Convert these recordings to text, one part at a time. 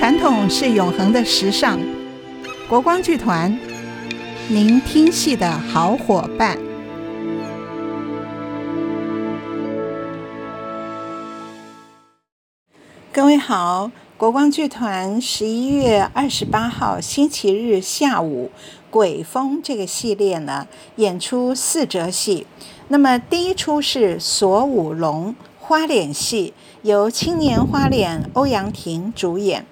傳統是永恆的時尚，國光劇團，您聽戲的好夥伴。各位好，國光劇團十一月二十八號星期日下午，鬼峰這個系列呢演出，四折戲，那麼第一出是鎖五龍。花臉戲由青年花臉歐陽霆主演。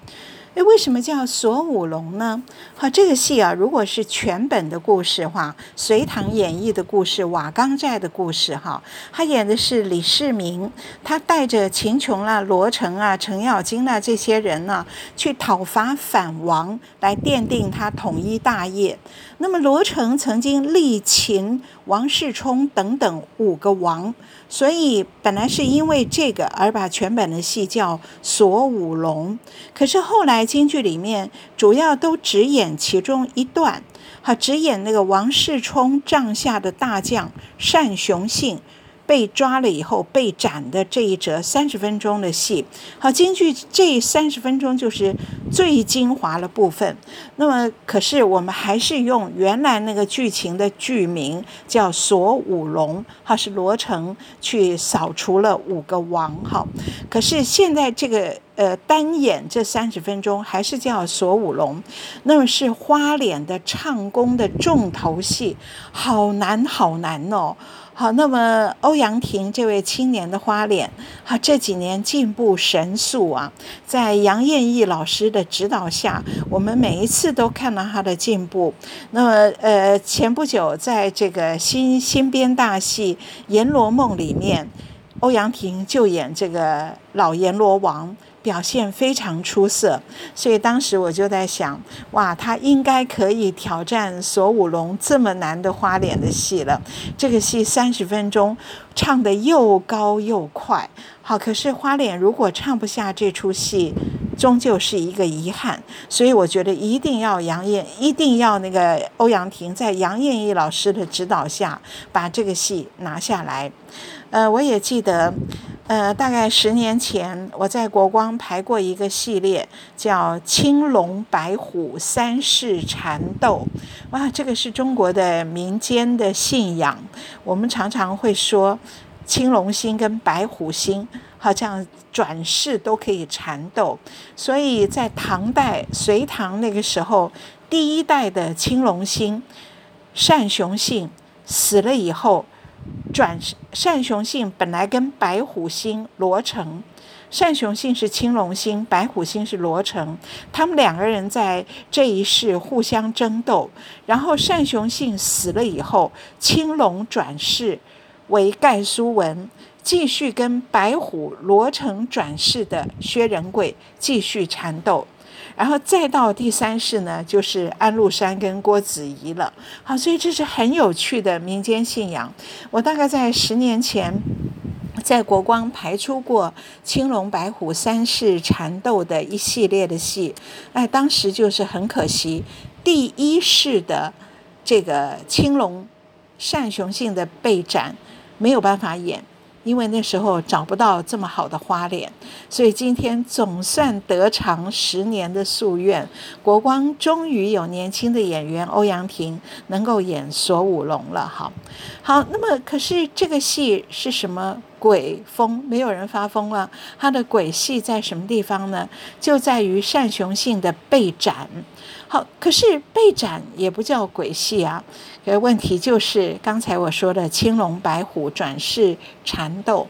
哎，為什麼叫鎖五龍呢？好，這個戲啊，如果是全本的故事的話，《隋唐演義》的故事，瓦崗寨的故事，哈，他演的是李世民，他帶着秦瓊啦、啊、羅成啊、程咬金啦、啊、這些人呢、啊，去討伐反王，來奠定他統一大業。那麼羅成曾經力擒。王世充等等五個王，所以本來是因為這個而把全本的戲叫《鎖五龍》，可是後來京劇裡面主要都只演其中一段，哈，只演那個王世充帳下的大將單雄信。被抓了以後，被斬的這一折三十分鐘的戲。好，京劇這三十分鐘就是最精華的部分。那麼，可是我們還是用原來那個劇情的劇名叫《鎖五龍》，哈，是羅成去掃除了五個王，哈。可是現在這個。呃，單演這三十分鐘還是叫鎖五龍，那麼是花臉的唱功的重頭戲，好難好難哦。好，那麼歐陽霆這位青年的花臉，好這幾年進步神速啊，在楊燕毅老師的指導下，我們每一次都看到他的進步。那麼，呃，前不久在這個新新編大戲《閻羅夢》裡面，歐陽霆就演這個老閻羅王。表現非常出色，所以當時我就在想，哇，他應該可以挑戰鎖五龍這麼難的花臉的戲了。這個戲三十分鐘，唱得又高又快，好，可是花臉如果唱不下這出戲，終究是一個遺憾。所以我覺得一定要楊燕，一定要那個歐陽霆在楊燕毅老師的指導下把這個戲拿下來。呃，我也記得。呃，大概十年前我在國光排過一個系列，叫《青龍白虎三世纏鬥》。哇，這個是中國的民間的信仰。我們常常會說，青龍星跟白虎星好像轉世都可以纏鬥。所以在唐代、隋唐那個時候，第一代的青龍星單雄信死了以後。轉單雄信本來跟白虎星羅成，單雄信是青龍星，白虎星是羅成，他們兩個人在這一世互相爭鬥。然後單雄信死了以後，青龍轉世為蓋蘇文，繼續跟白虎羅成轉世的薛仁貴繼續纏鬥。然後再到第三世呢，就是安祿山跟郭子儀了。好，所以這是很有趣的民間信仰。我大概在十年前，在國光排出過青龍白虎三世纏鬥的一系列的戲。哎，當時就是很可惜，第一世的這個青龍單雄信的被斬，沒有辦法演。因為那時候找不到這麼好的花臉，所以今天總算得償十年的夙願。國光終於有年輕的演員歐陽霆能夠演鎖五龍了。好，好，那麼可是這個戲是什麼鬼風？沒有人發瘋了。他的鬼戲在什麼地方呢？就在於單雄信的被斬。好，可是被斬也不叫鬼戲啊。呃、這個，問題就是剛才我說的青龍白虎轉世纏鬥。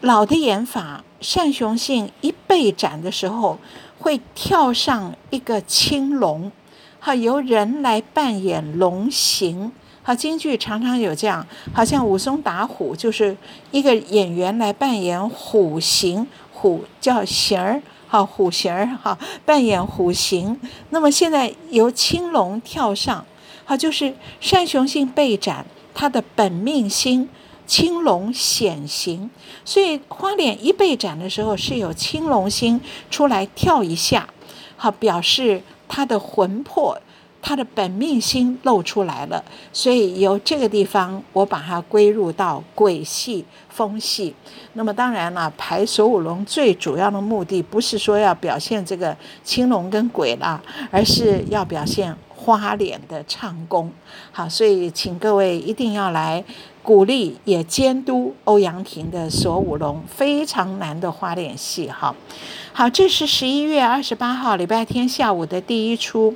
老的演法，單雄信一被斬的時候，會跳上一個青龍，好由人來扮演龍形。好，京劇常常有這樣，好像武松打虎就是一個演員來扮演虎形，虎叫形兒。好虎形兒，好扮演虎形。那麼現在由青龍跳上，好就是單雄信被斬，他的本命星青龍顯形。所以花臉一被斬的時候，是有青龍星出來跳一下，好表示他的魂魄。他的本命星露出來了，所以由這個地方，我把它歸入到鬼戲風戲。那麼當然了，排《鎖五龍》最主要的目的不是說要表現這個青龍跟鬼啦，而是要表現花臉的唱功。好，所以請各位一定要來鼓勵也監督歐陽霆的《鎖五龍》，非常難的花臉戲。好，好，這是十一月二十八號禮拜天下午的第一出。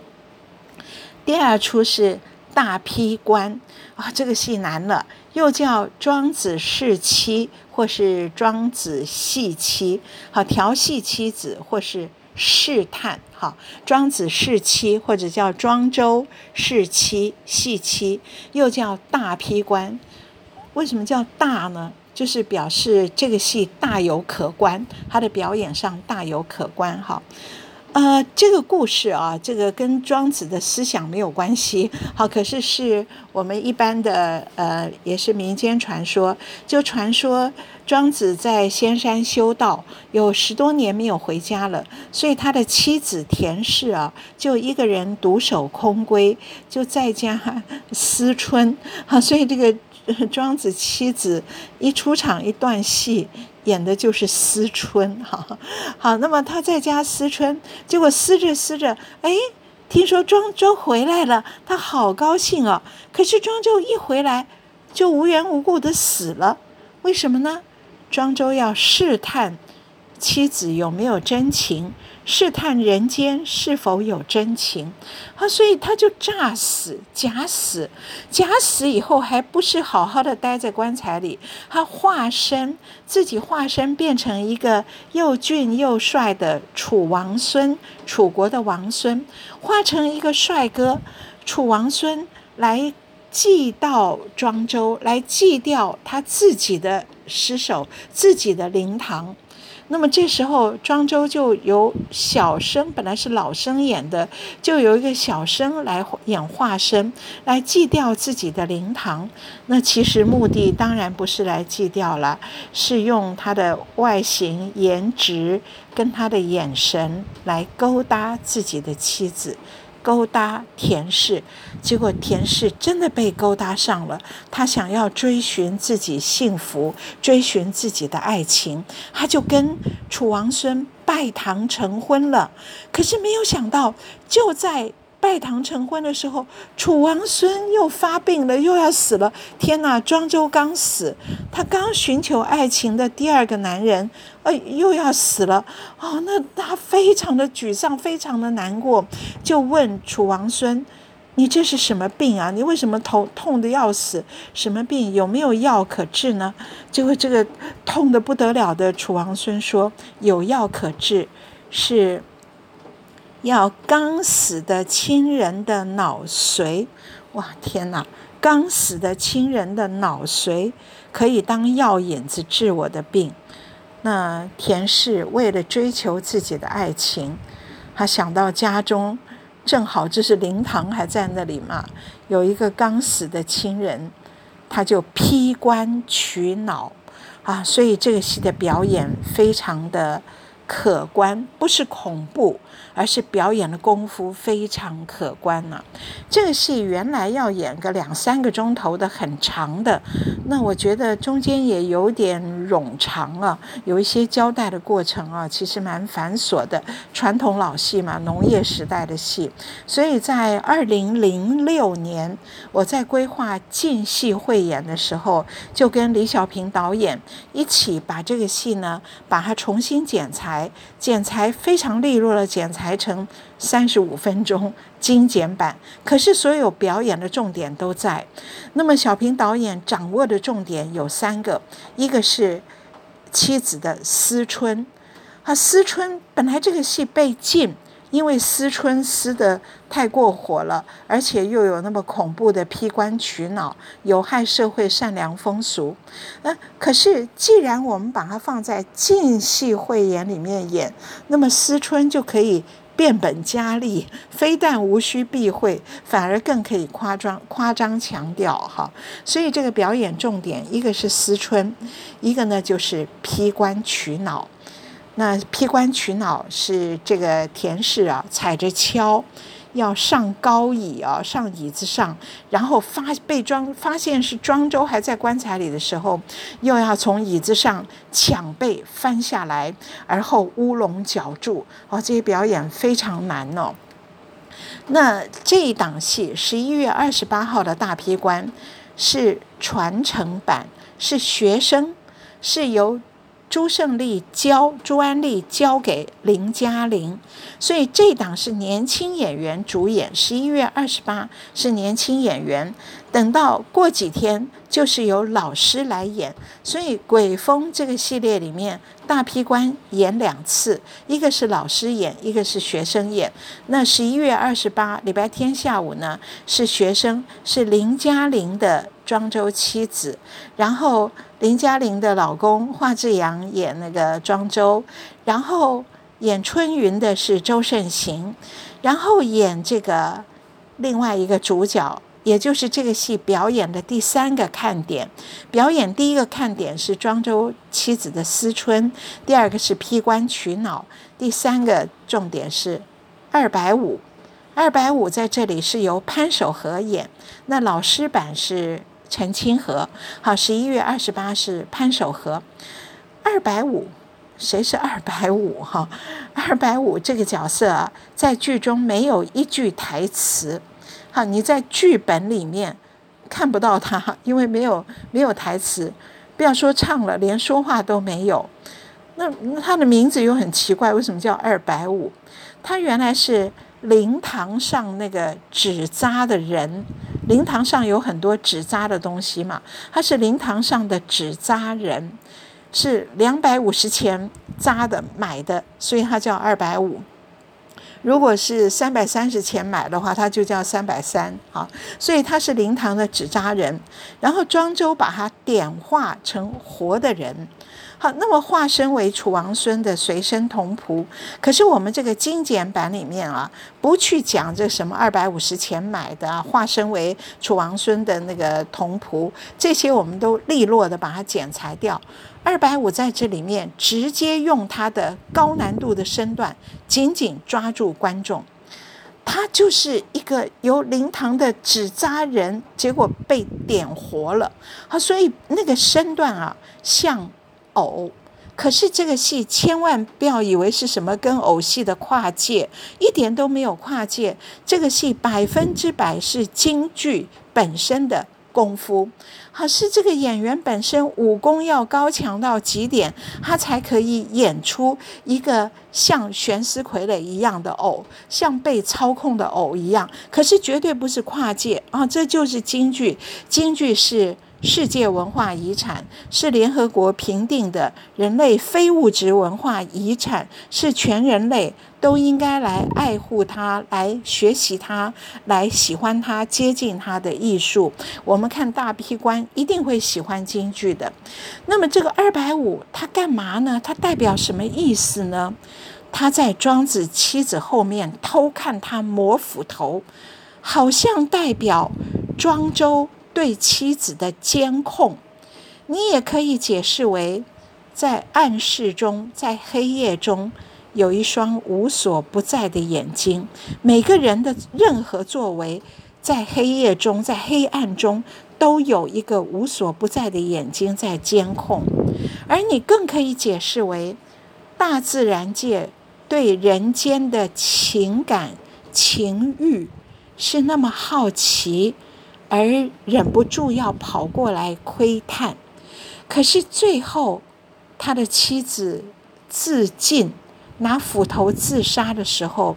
第二齣是大劈棺啊，哦，這個戲難了，又叫莊子試妻，或是莊子戲妻。好，調戲妻子，或是試探。好，莊子試妻，或者叫莊周試妻戲妻，又叫大劈棺。為什麼叫大呢？就是表示這個戲大有可觀，他的表演上大有可觀。哈。呃，這個故事啊，這個跟莊子的思想沒有關係。好，可是是我們一般的呃，也是民間傳說。就傳說莊子在仙山修道，有十多年沒有回家了，所以他的妻子田氏啊，就一個人獨守空閨，就在家思春。好，所以這個莊子妻子一出場一段戲。演的就是思春，哈，好，那麼他在家思春，結果思着思着，哎，聽說莊周回來了，他好高興哦。可是莊周一回來，就無緣無故的死了，為什麼呢？莊周要試探妻子有沒有真情。試探人間是否有真情，啊，所以他就詐死、假死，假死以後還不是好好的待在棺材裡？他化身自己化身變成一個又俊又帥的楚王孫，楚國的王孫，化成一個帥哥，楚王孫來祭悼莊周，來祭悼他自己的屍首、自己的靈堂。那麼這時候，莊周就由小生，本來是老生演的，就由一個小生來演化身，來祭吊自己的靈堂。那其實目的當然不是來祭吊了，是用他的外形、顏值跟他的眼神來勾搭自己的妻子。勾搭田氏，結果田氏真的被勾搭上了。她想要追尋自己幸福，追尋自己的愛情，她就跟楚王孫拜堂成婚了。可是沒有想到，就在拜堂成婚的時候，楚王孫又發病了，又要死了。天哪，莊周剛死，他剛尋求愛情的第二個男人，呃、哎，又要死了。哦，那他非常的沮喪，非常的難過，就問楚王孫：“你這是什麼病啊？你為什麼頭痛，痛得要死？什麼病？有沒有藥可治呢？”結果這個痛得不得了的楚王孫說：“有藥可治，是。”要剛死的親人的腦髓，哇天哪！剛死的親人的腦髓可以當藥引子治我的病。那田氏為了追求自己的愛情，他想到家中，正好這是靈堂還在那裡嘛，有一個剛死的親人，他就劈棺取腦啊。所以這個戲的表演非常的可觀，不是恐怖。而是表演的功夫非常可觀了、啊。這個戲原來要演個兩三個鐘頭的，很長的。那我覺得中間也有點冗長了、啊，有一些交代的過程啊，其實蠻繁瑣的。傳統老戲嘛，農業時代的戲。所以在二零零六年，我在規劃禁戲匯演的時候，就跟李小平導演一起把這個戲呢，把它重新剪裁，剪裁非常利落的剪。剪裁成三十五分鐘精簡版，可是所有表演的重點都在。那麼小平導演掌握的重點有三個，一個是妻子的思春，啊，思春本來這個戲被禁。因為思春思得太過火了，而且又有那麼恐怖的劈棺取腦，有害社會善良風俗。那、呃、可是，既然我們把它放在禁戲匯演裡面演，那麼思春就可以變本加厲，非但無需避諱，反而更可以誇張、誇張強調哈。所以這個表演重點，一個是思春，一個呢就是劈棺取腦。那劈棺取腦是這個田氏啊，踩着蹺要上高椅啊，上椅子上，然後發被莊發現是莊周還在棺材裡的時候，又要從椅子上搶背翻下來，而後烏龍絞柱。哦，這些表演非常難哦。那這一檔戲十一月二十八號的大劈棺是傳承版，是學生，是由。朱勝利教朱安麗教給凌嘉臨，所以這一檔是年輕演員主演。十一月二十八是年輕演員，等到過幾天就是由老師來演。所以《禁戲》這個系列裡面，大劈棺演兩次，一個是老師演，一個是學生演。那十一月二十八禮拜天下午呢，是學生，是凌嘉臨的。莊周妻子，然後凌嘉臨的老公華智揚演那個莊周，然後演春雲的是周慎行，然後演這個另外一個主角，也就是這個戲表演的第三個看點。表演第一個看點是莊周妻子的思春，第二個是劈棺取腦，第三個重點是二百五，二百五在這裡是由潘守和演。那老師版是。陳清河，好，十一月二十八日是潘守和，二百五，誰是二百五？哈，二百五這個角色啊，在劇中沒有一句台詞，好，你在劇本裡面看不到他，因為沒有沒有台詞，不要說唱了，連說話都沒有。那他的名字又很奇怪，為什麼叫二百五？他原來是靈堂上那個紙扎的人。靈堂上有很多紙扎的東西嘛，它是靈堂上的紙扎人，是兩百五十錢扎的買的，所以它叫二百五。如果是三百三十錢買的話，它就叫三百三啊。所以它是靈堂的紙扎人，然後莊周把它點化成活的人。好，那麼化身為楚王孫的隨身童僕，可是我們這個精簡版裡面啊，不去講這什麼二百五十錢買的、啊、化身為楚王孫的那個童僕，這些我們都利落地把它剪裁掉。二百五在這裡面直接用他的高難度的身段緊緊抓住觀眾，他就是一個由靈堂的紙紮人，結果被點活了。好，所以那個身段啊，像。偶、哦，可是這個戲千萬不要以為是什麼跟偶戲的跨界，一點都沒有跨界。這個戲百分之百是京劇本身的功夫，可、啊、是這個演員本身武功要高強到極點，他才可以演出一個像懸絲傀儡一樣的偶，像被操控的偶一樣。可是絕對不是跨界啊，這就是京劇。京劇是。世界文化遺產是聯合國評定的人類非物質文化遺產，是全人類都應該來愛護它、來學習它、來喜歡它、接近它的藝術。我們看大劈棺一定會喜歡京劇的。那麼這個二百五它幹嘛呢？它代表什麼意思呢？他在莊子妻子後面偷看他磨斧頭，好像代表莊周。對妻子的監控，你也可以解釋為，在暗室中，在黑夜中，有一雙無所不在的眼睛。每個人的任何作為，在黑夜中，在黑暗中，都有一個無所不在的眼睛在監控。而你更可以解釋為，大自然界對人間的情感情欲是那麼好奇。而忍不住要跑過來窺探，可是最後，他的妻子自盡，拿斧頭自殺的時候，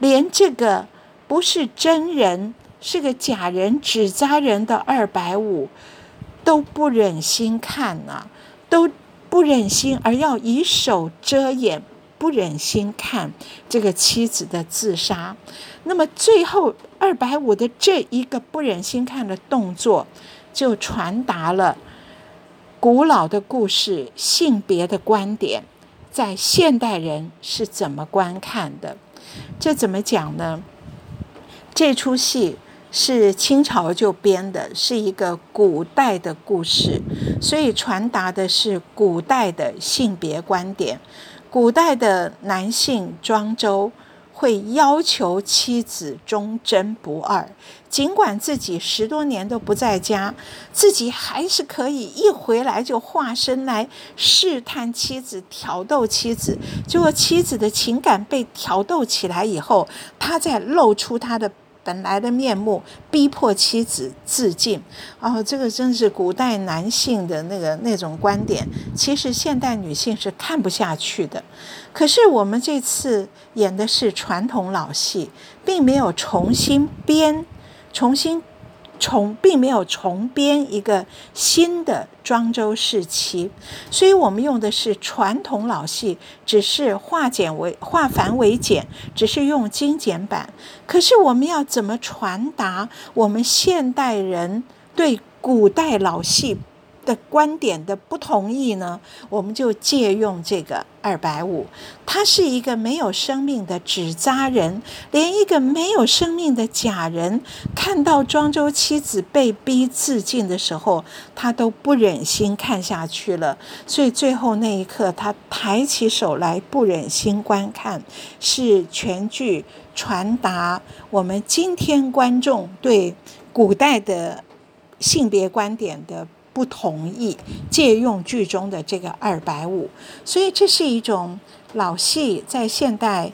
連這個不是真人，是個假人、紙紮人的二百五，都不忍心看吶、啊，都不忍心，而要以手遮眼。不忍心看這個妻子的自殺，那麼最後二百五的這一個不忍心看的動作，就傳達了古老的故事，性別的觀點，在現代人是怎麼觀看的？這怎麼講呢？這出戲是清朝就編的，是一個古代的故事，所以傳達的是古代的性別觀點。古代的男性莊周會要求妻子忠貞不二，儘管自己十多年都不在家，自己還是可以一回來就化身來試探妻子，挑逗妻子。結果妻子的情感被挑逗起來以後，他再露出他的本來的面目，逼迫妻子自盡。哦，這個真是古代男性的那個那種觀點。其實現代女性是看不下去的。可是我們這次演的是傳統老戲，並沒有重新編，重新。從並沒有重編一個新的莊周試妻，所以我們用的是傳統老戲，只是化簡為化繁為簡，只是用精簡版。可是我們要怎麼傳達我們現代人對古代老戲？的觀點的不同意呢？我們就借用這個二百五，他是一個沒有生命的紙扎人，連一個沒有生命的假人，看到莊周妻子被逼自盡的時候，他都不忍心看下去了。所以最後那一刻，他抬起手來，不忍心觀看，是全劇傳達我們今天觀眾對古代的性別觀點的。不同意，借用劇中的這個二百五，所以這是一種老戲在現代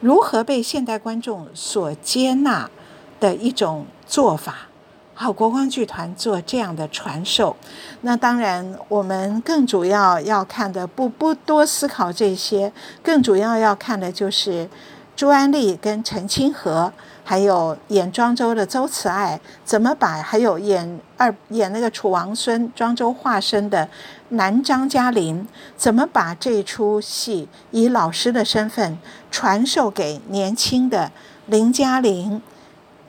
如何被現代觀眾所接納的一種做法。好，國光劇團做這樣的傳授。那當然，我們更主要要看的，不不多思考這些，更主要要看的就是朱安麗跟陳清河，還有演莊周的周慈愛怎麼把，還有演二演那個楚王孫莊周化身的男張嘉玲，怎麼把這一出戲以老師的身份傳授給年輕的凌嘉臨、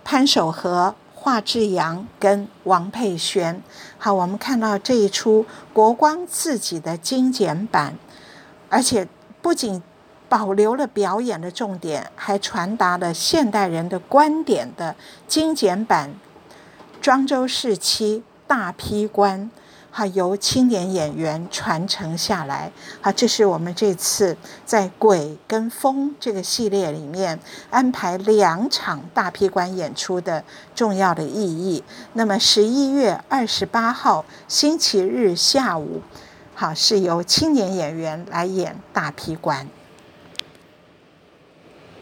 潘守和、華志揚跟王佩璇？好，我們看到這一出國光自己的精簡版，而且不僅。保留了表演的重點，還傳達了現代人的觀點的精簡版《莊周試妻大劈棺》，哈，由青年演員傳承下來，哈，這是我們這次在《鬼》跟《風》這個系列裡面安排兩場大劈棺演出的重要的意義。那麼，十一月二十八號星期日下午，好，是由青年演員來演大劈棺。